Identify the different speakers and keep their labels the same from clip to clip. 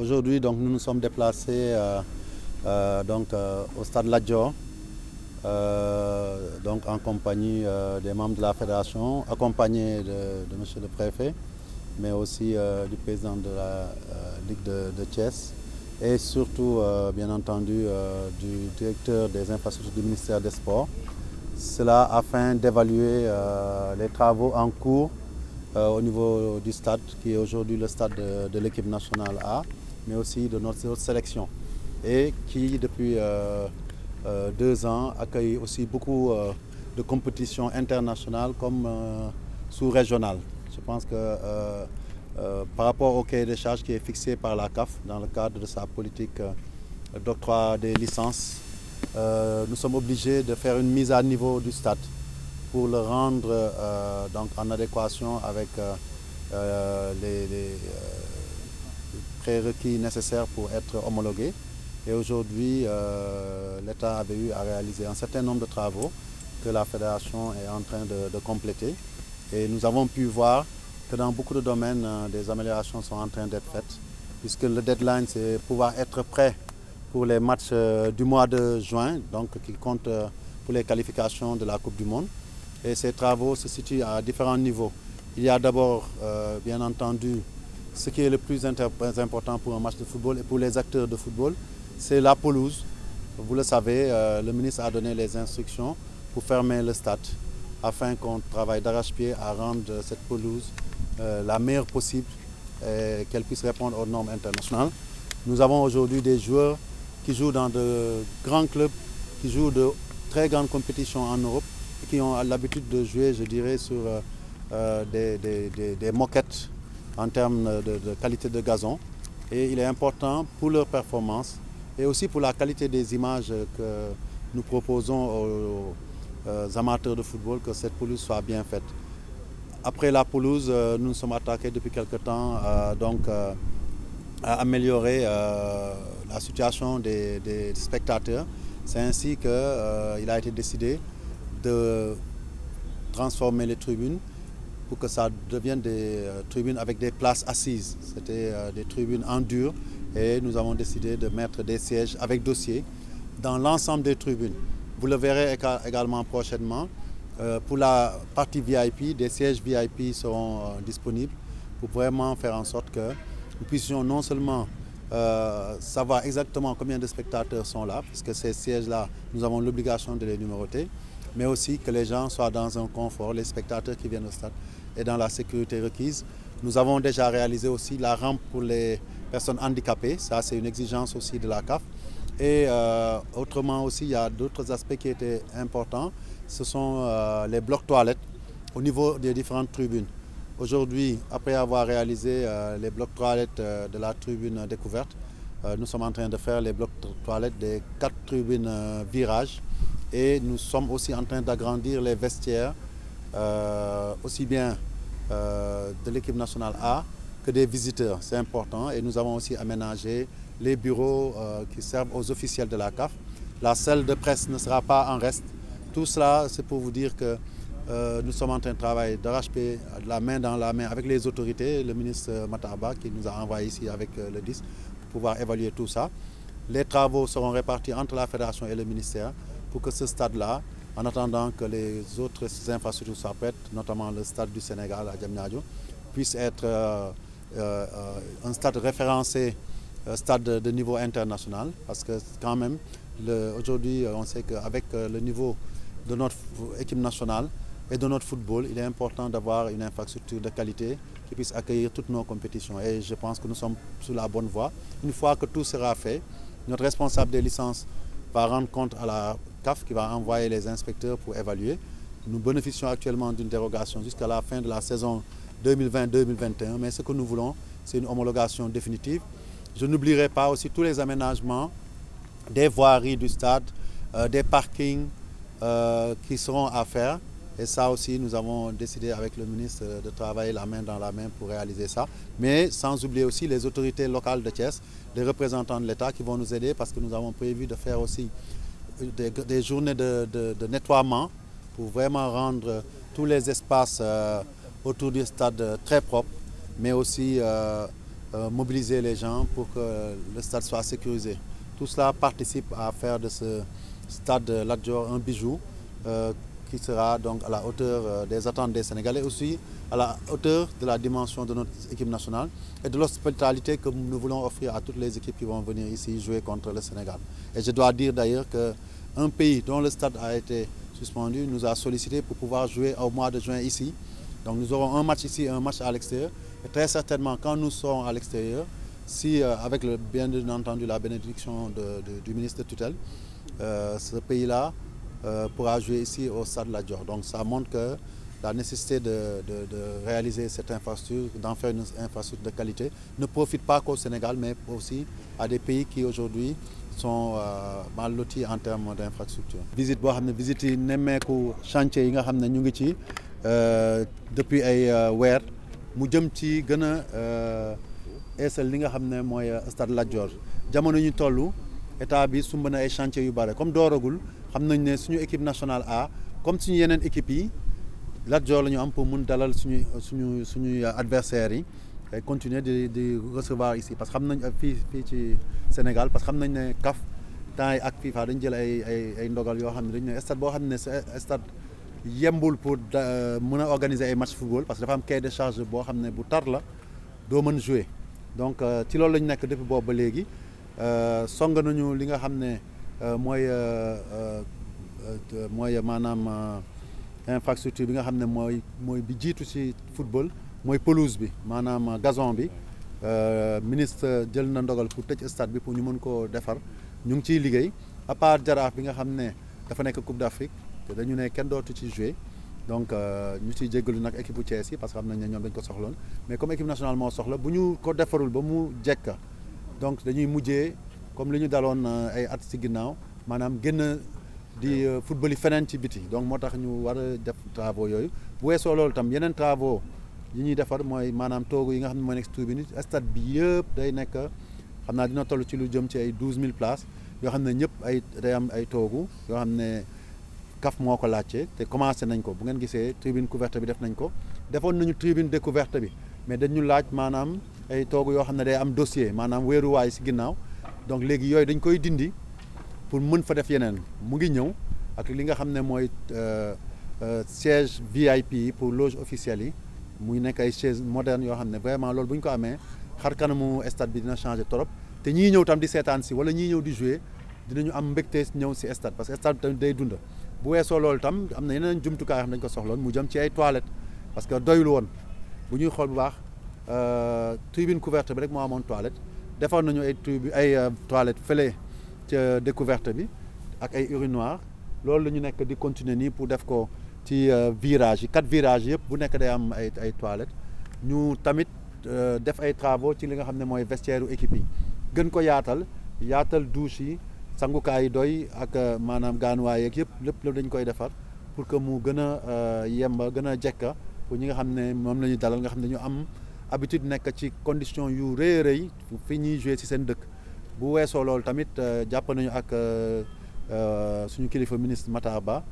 Speaker 1: Aujourd'hui, donc, nous nous sommes déplacés euh, euh, donc, euh, au stade Ladjo, euh, donc en compagnie euh, des membres de la fédération, accompagnés de, de Monsieur le Préfet, mais aussi euh, du président de la Ligue de, de Thiès et surtout, bien entendu, du directeur des infrastructures du ministère des Sports. Cela afin d'évaluer les travaux en cours au niveau du stade, qui est aujourd'hui le stade de, de l'équipe nationale A. mais aussi de notre, notre sélection. Et qui, depuis euh, euh, deux ans, accueille aussi beaucoup euh, de compétitions internationales comme sous-régionales. Je pense que par rapport au cahier des charges qui est fixé par la CAF dans le cadre de sa politique d'octroi des licences, euh, nous sommes obligés de faire une mise à niveau du stade pour le rendre euh, donc en adéquation avec euh, les, les prérequis nécessaires pour être homologué. Et aujourd'hui, euh, l'État avait eu à réaliser un certain nombre de travaux que la fédération est en train de, de compléter. Et nous avons pu voir que dans beaucoup de domaines, euh, des améliorations sont en train d'être faites, le deadline, c'est pouvoir être prêt pour les matchs euh, du mois de juin, donc qui comptent euh, pour les qualifications de la Coupe du Monde. Et ces travaux se situent à différents niveaux. Il y a d'abord, euh, bien entendu, ce qui est le plus important pour un match de football et pour les acteurs de football, c'est la pelouse. Vous le savez, euh, le ministre a donné les instructions pour fermer le stade afin qu'on travaille d'arrache-pied à rendre cette pelouse euh, la meilleure possible et qu'elle puisse répondre aux normes internationales. Nous avons aujourd'hui des joueurs qui jouent dans de grands clubs, qui jouent de très grandes compétitions en Europe et qui ont l'habitude de jouer, je dirais, sur euh, euh, des, des, des, des moquettes en termes de, de, qualité de gazon. Et il est important pour leur performance et aussi pour la qualité des images que nous proposons aux, aux amateurs de football, que cette pelouse soit bien faite. Après la pelouse, euh, nous nous sommes attaqués depuis quelque temps euh, donc, euh, à améliorer euh, la situation des, des spectateurs. C'est ainsi qu'il euh, a été décidé de transformer les tribunes pour que ça devienne des euh, tribunes avec des places assises. C'était euh, des tribunes en dur et nous avons décidé de mettre des sièges avec dossier dans l'ensemble des tribunes. Vous le verrez également prochainement. Euh, pour la partie VIP, des sièges VIP seront disponibles pour vraiment faire en sorte que nous puissions non seulement euh, savoir exactement combien de spectateurs sont là, puisque ces sièges-là, nous avons l'obligation de les numéroter, mais aussi que les gens soient dans un confort, les spectateurs qui viennent au stade, et dans la sécurité requise. Nous avons déjà réalisé aussi la rampe pour les personnes handicapées, ça c'est une exigence aussi de la CAF. Et euh, autrement aussi, il y a d'autres aspects qui étaient importants, ce sont euh, les blocs toilettes au niveau des différentes tribunes. Aujourd'hui, après avoir réalisé euh, les blocs toilettes euh, de la tribune découverte, euh, nous sommes en train de faire les blocs toilettes des quatre tribunes euh, virages et nous sommes aussi en train d'agrandir les vestiaires, euh, aussi bien euh, de l'équipe nationale A que des visiteurs. C'est important. Et nous avons aussi aménagé les bureaux euh, qui servent aux officiels de la CAF. La salle de presse ne sera pas en reste. Tout cela, c'est pour vous dire que euh, nous sommes en train de travailler d'arrache-pied, de la main dans la main, avec les autorités, le ministre euh, Mataba qui nous a envoyé ici avec euh, le 10 pour pouvoir évaluer tout ça. Les travaux seront répartis entre la fédération et le ministère. pour que ce stade-là, en attendant que les autres infrastructures soient prêtes, notamment le stade du Sénégal à Diamniadio, puisse être euh, euh, euh un stade référencé, un euh, stade de niveau international, parce que quand même, aujourd'hui, euh, on sait avec le niveau de notre équipe nationale et de notre football, il est important d'avoir une infrastructure de qualité qui puisse accueillir toutes nos compétitions. Et je pense que nous sommes sur la bonne voie. Une fois que tout sera fait, notre responsable des licences va à la CAF qui va envoyer les inspecteurs pour évaluer. Nous bénéficions actuellement d'une dérogation jusqu'à la fin de la saison 2020-2021, mais ce que nous voulons, c'est une homologation définitive. Je n'oublierai pas aussi tous les aménagements des voiries du stade, euh, des parkings euh, qui seront à faire. Et ça aussi, nous avons décidé avec le ministre euh, de travailler la main dans la main pour réaliser ça. Mais sans oublier aussi les autorités locales de Thiès, les représentants de l'État qui vont nous aider parce que nous avons prévu de faire aussi des, des journées de, de, de, nettoiement pour vraiment rendre tous les espaces euh, autour du stade euh, très propres, mais aussi euh, euh, mobiliser les gens pour que le stade soit sécurisé. Tout cela participe à faire de ce stade euh, Lat Dior un bijou qui sera donc à la hauteur euh, des attentes des Sénégalais aussi, à la hauteur de la dimension de notre équipe nationale et de l'hospitalité que nous voulons offrir à toutes les équipes qui vont venir ici jouer contre le Sénégal. Et je dois dire d'ailleurs qu'un pays dont le stade a été suspendu nous a sollicité pour pouvoir jouer au mois de juin ici. Donc nous aurons un match ici et un match à l'extérieur. Et très certainement, quand nous serons à l'extérieur, si euh, avec le, la bénédiction de, de, du ministre de tutelle, euh, euh, pourra jouer ici au Stade La Dior. Donc ça montre que la nécessité de, de, de réaliser cette infrastructure, d'en faire une infrastructure de qualité, ne profite pas qu'au Sénégal, mais aussi à des pays qui aujourd'hui son euh, mal lotis en termes d'infrastructure. Visite boo xam ne visite yi nemmeeku chantier yi nga xam ne ñu ngi ci euh, depuis ay euh, weer mu jëm ci gën a euh, eesal li nga xam ne mooy Stade Lat Dior jamono ñu toll état bi sumb na ay chantier yu bare comme dooragul xam nañ ne suñu équipe nationale A comme suñu yeneen équipe yi Lat Dior la ñu am pour mun dalal suñu suñu suñuy adversaires yi et continuer di di recevoir ici parce que xam nañ fii fii ci Sénégal parce que xam nañ ne CAF temps yi ak FIFA dañ jël ay ay ay ndogal yoo xam ne dañu ne stade boo xam ne stade yembul pour mën a organiser ay match football parce que dafa am cahier de charge boo xam ne bu tar la doo mën jouer donc euh, ci loolu la nekk depuis boobu ba léegi euh, song nañu li nga xam ne. Euh, mooy euh, euh, mooy maanaam infrastructure bi nga xam ne mooy mooy bi jiitu ci football mooy pelouse bi maanaam gazon bi ministre jël na ndogal pour tëj stade bi pour ñu mën koo defar ñu ngi ciy liggéey à part jaraaf bi nga xam ne dafa nekk Coupe d'Afrique te dañu ne kenn dootu ci jouer donc ñu ciy jéggalu nag équipe bu Thiès yi parce que xam nañ ne ñoom dañ ko soxloon mais comme équipe nationale soxla bu ñu ko defarul ba mu jekka donc dañuy mujjee comme li ñu daloon euh, ay at si ginnaaw maanaam génn di euh, football yi feneen ci biti donc moo tax ñu war a def travaux yooyu bu weesoo loolu tam yeneen travaux ñuy defar mooy maanaam toogu yi nga xam ne mooy nekk si tribune bi yëpp day nekk xam naa dina toll ci lu jëm ci ay douze mille places yoo xam ne ñëpp ay day am ay toogu yoo xam ne CAF moo ko laajte te commencé nañ ko bu ngeen gisee tribune couverte bi def nañ ko defoon nañu tribune découverte bi mais dañu laaj maanaam ay toogu yoo xam ne day am dossier maanaam weeruwaay si ginnaaw donc léegi yooyu dañ koy dindi pour mën fa def yeneen mu ngi ñëw ak li nga xam ne mooy euh, euh, siège VIP yi pour loge officielle yi muy nekk ay chaise moderne yoo xam ne vraiment loolu bu ñu ko amee xar kanamu stade bi dina changer trop te ñii ñëw tam di seetaan si wala ñii ñëw di jouer dinañu am mbégte ñëw si stade parce que stade day dund bu weesoo loolu tam am na yeneen jumtukaay yoo xam dañ ko soxloon mu jëm ci ay toilettes parce que doyul woon bu ñuy xool bu baax euh, tribune couverte bi rek moo amoon toilette defoon nañu ay tubi ay euh, toilettes fële ca découverte bi ak ay urinoir loolu la ñu nekk di continuer nii pour def ko ci euh, virage yi quatre virages yëpp bu nekk day am ay ay toilettes ñu tamit euh, def ay travaux ci li nga xam ne mooy vestiaire u équipe yi gën ko yaatal yaatal douche yi sangukaay yi doy ak maanaam gaanuwaay yeeg yëpp lépp la dañ koy defar pour que mu gën a yemba gën a jekka pour ñi nga xam ne moom la ñu dalal nga xam ne ñu am habitude nekk ci condition yu rëy rëy fi ñuy joue ci seen dëkk bu weesoo loolu tamit euh, jàpp nañu ak euh, euh, suñu kilifa ministre Matar Ba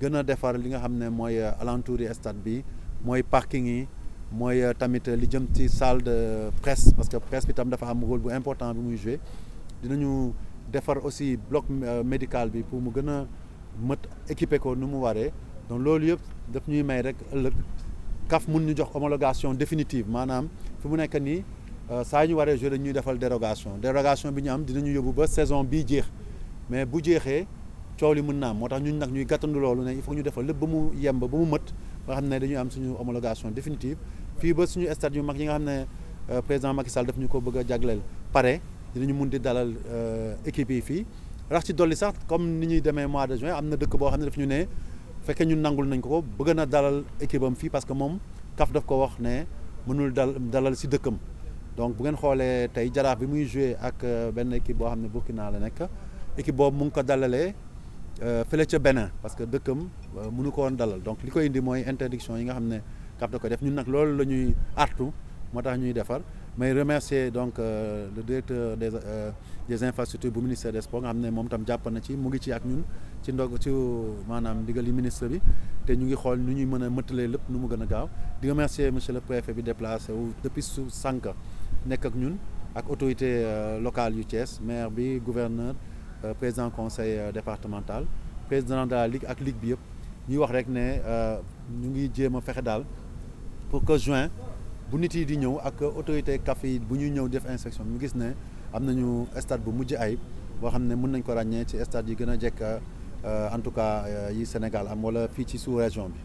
Speaker 1: gën a defar li nga xam ne mooy alentour yi stade bi mooy parking yi mooy tamit li jëm ci salle de parce que presse bi tam dafa am rôle bu important bi muy jouer dinañu defar aussi bloc médical bi pour mu gën a mët équiper ko nu mu waree donc loolu yëpp daf ñuy may rek ëllëg CAF mun ñu jox homologation définitive maanaam fi mu nekk nii euh, saa ñu waree jouer dañ ñuy defal dérogation dérogation bi ñu am dinañu yóbbu ba saison bii jeex mais bu jeexee coow li mun naa moo tax ñun nag ñuy gàttandu loolu ne il faut ñu defal lépp ba mu yemb ba mu mët ba xam ne dañuy am suñu homologation définitive fii ba suñu stade yu mag yi nga xam ne euh, président Macky Sall daf ñu ko bëgg a jagleel pare dinañu mun di dalal euh, équipe yi fii rax ci dolli sax comme ni ñuy demee mois de juin am na dëkk boo xam ne daf ñu ne. fekkee ñun nangul nañ ko ko bëgg na dalal équipe am fii parce que moom CAF daf ko wax ne mënul dal dalal si dëkkam donc bu ngeen xoolee tey jaraaf bi muy joué ak euh, benn équipe boo xam ne Burkina la nekk équipe boobu mu ngi ko dalalee euh, fële ca Benin parce que dëkkam euh, mënu ko woon dalal donc li ko indi mooy interdiction yi nga xam ne CAF da ko def ñun nag loolu la ñuy artu moo tax ñuy defar may remercier donc euh, le directeur des euh, des infrastructures bu ministère des sports nga xam ne moom tam jàpp na ci mu ngi ci ak ñun ci ndog ci maanaam ndigali ministre bi te ñu ngi xool nu ñuy mën a mëtalee lépp nu mu gën a gaaw di remercier monsieur le préfet bi déplacé wu depuis su sànq nekk ak ñun ak autorité euh, locale yu Thiès maire bi gouverneur euh, président conseil euh, départemental président de la ak ligue bi yëpp ñuy wax rek ne ñu ngi jéem a fexe daal pour bu nit yi di ñëw ak autorité café bu ñuy ñëw def inspection ñu gis ne am nañu stade bu mujj ayib boo xam ne mën nañ ko ràññee ci stade yi gën a jekk euh, en tout cas euh, yi Sénégal am wala fii ci sous région bi